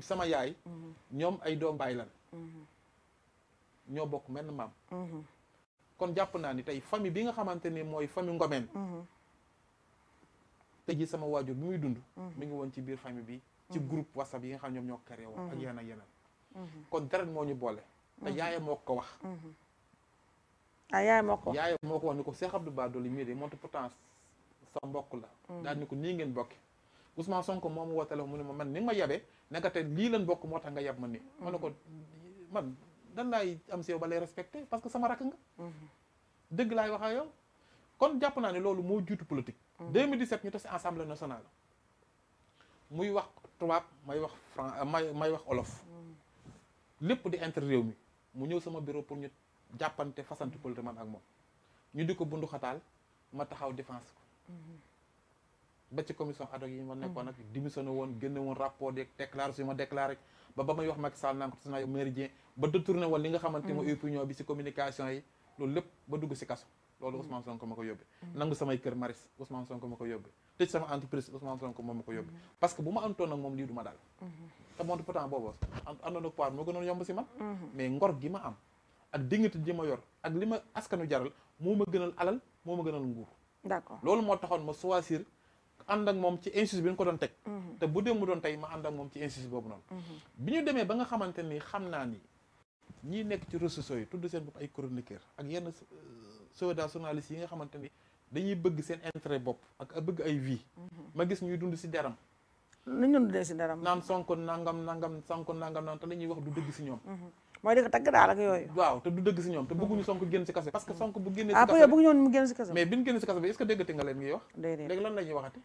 sama yaay mm-hmm. ñoom ay doom baay lan mm-hmm. ñoo bokk menn maam mm-hmm. kon jàpp naa ni tey famille bi nga xamante ni mooy famille Ngomeen tey jii sama waajur bi muy dund mu ngi woon ci biir famille bi ci groupe whatsapp yi nga xam ñoom ñoo créé woon ak yeneen ak yeneen kon deret moo ñu boole te yaayam moo ko wax ah yaayam moo ko yaayam moo ko wax ni ko Cheikh Abdou Bara Dolly mii de moonte pourtant sa mbokk la daal ni ko nii ngeen bokke Ousmane Sonko mom wotale mo mu ne man ni nga ma yabee naka te li lan bok moo nga yab man ni ma ne ko man dan lay am sew yow ba lay respecté parce que sama rak nga mhm. deug lay waxa yow kon japp na ne loolu mo jitu politique 2017 mhm. ñu tassé assemblée nationale muy wax tubaab may wax euh, may may wax olof mhm. lepp di inter rew mi mu ñew sama bureau pour ñu jàppante fassante politique man ak mom ñu diko bundu xataal ma taxaw défense ko ba ci commission ad yi ma nekkoon nag mm. démissionné woon génne rapport déclaration yi ma déclaré ba ba may wax Macky Sall naan ko tas naa méridien ba mm. mm. samay kër maris Ousmane Sonko ma ma ko yóbbee parce que bu ma antoon nag moom lii du daal mm-hmm. te moom pourtant boobu àndoon ak pouvoir moo gënoon yomb si man mm-hmm. mais ngor gi ma am ak dignité ji ma yor ak li ma askanu jaral moo ma gënal alal moo ma gënal nguur loolu moo taxoon ma choisir ànd ak moom ci insiste bi ñu ko doon teg mhm. te bu dee mu doon tey ma ànd ak moom ci insiste boobu noonu mhm. bi ñu demee ba nga xamante ni xam naa ni ñi nekk ci réseaux sociaux yi tudd seen bopp ay chroniqueur ak yenn euh, soda journalistes yi nga xamante ni dañuy bëgg seen intérêt bopp ak bëgg ay vie mhm. ma gis ñuy dund si deram nañ doon dundee si deram naan sonko nangam nangam sonko nangam naan te la ñuy wax du dëgg si ñoom moy di ko tagg daal ak yooyu waaw te du deug ci ñom te bëggu ñu sonk génn ci kasse parce que sonk bu génne ci kasse ah peut-être mu génn ci kasse mais biñu ñu ci kasse bi est-ce que déggati nga leen ngi wax léegi lan lañuy waxati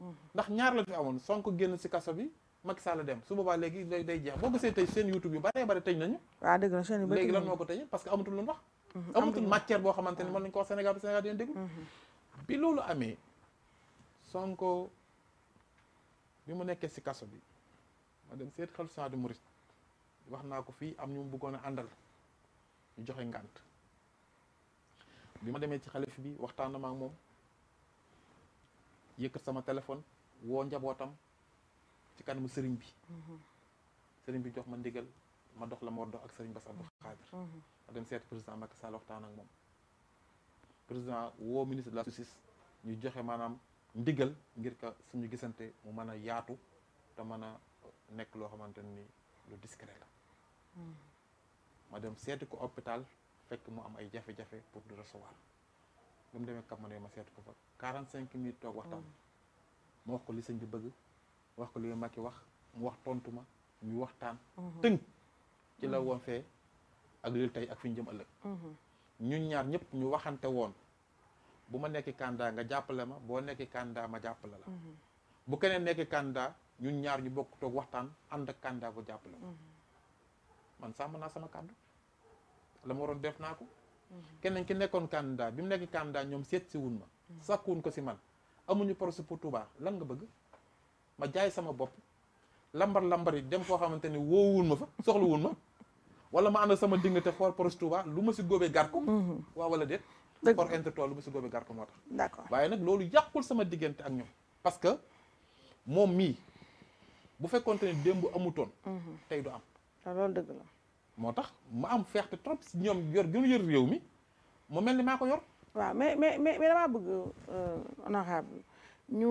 hmm. ndax ñaar la fi amoon sonk génn ci kasse bi Macky Sall dem su boba legui day day jeex boko sey tay seen YouTube yu bare bare tej nañu wa deug la seen yu bëri léegi lan moko tej parce que amatu lu wax hmm, amatu matière bo xamanteni man lañ ko Sénégal bi Sénégal di leen déglu hmm. bi lolu amé Sonko bi mu nekkee ci kaso bi ma dem seet xel di murit wax naa ko fii am ñu mu bëggoon a àndal ñu joxe ngànt bi ma demee ci xalif bi waxtaan moom yëkkat sama téléphone woo njabootam ci kanamu sëriñ bi mhm. sëriñ bi jox ma ndigal ma dox la ma war dox ak sëriñ Bass Abdou mhm. Khadre mhm. ma dem seeti président Macky Sall waxtaan ak moom président woo ministre de la justice joxe maanaam ndigal ngir ka suñu gisante mu mën a yaatu te mën a nekk loo xamante ni lu discret la ma dem seeti ko hôpital fekk mu am ay jafe-jafe pour di recevoir ba mu demee kap ma ne ma seeti ko fa 45 minutes toog waxtaan ma wax ko li sëñ bi bëgg wax ko li Macky wax mu wax tontu ma ñu waxtaan mhm. tënk ci la mhm. woon fee ak lil tey ak fi ñu ëllëg mhm. ñun ñaar ñëpp ñu waxante woon bu ma nekki candidat nga jàppale ma boo nekki candidat ma jàppale la bu keneen nekki candidat ñun ñaar ñu bokk toog waxtaan ànd ak candidat bu jàppale ma man sàmm naa sama kàddu la ma waroon def naa ko. Mhm. keneen ki nekkoon candidat bi mu nekk candidat ñoom seet si wun ma. Mhm. sàkkuwun ko si man amuñu projet pour Touba lan nga bëgg ma jaay sama bopp lambar lambar yi dem foo xamante ni woowul ma fa soxla soxlawul ma wala ma na sama diggante xool projet Touba lu ma si góobee gar ko. Mhm. waaw wala déet. dëgg la lu ma si góobee gar ko moo tax. waaye nag loolu yàqul sama diggante ak ñoom. parce que moom mii bu fekkonte ne démb amutoon. tey du am. te ah, loolu dëgg la. moo tax mu am feexte trop si ñoom yor gënu yor réew mi mu mel ni maa ko yor. waaw mais mais mais damaa bëgg euh, honorable ñu.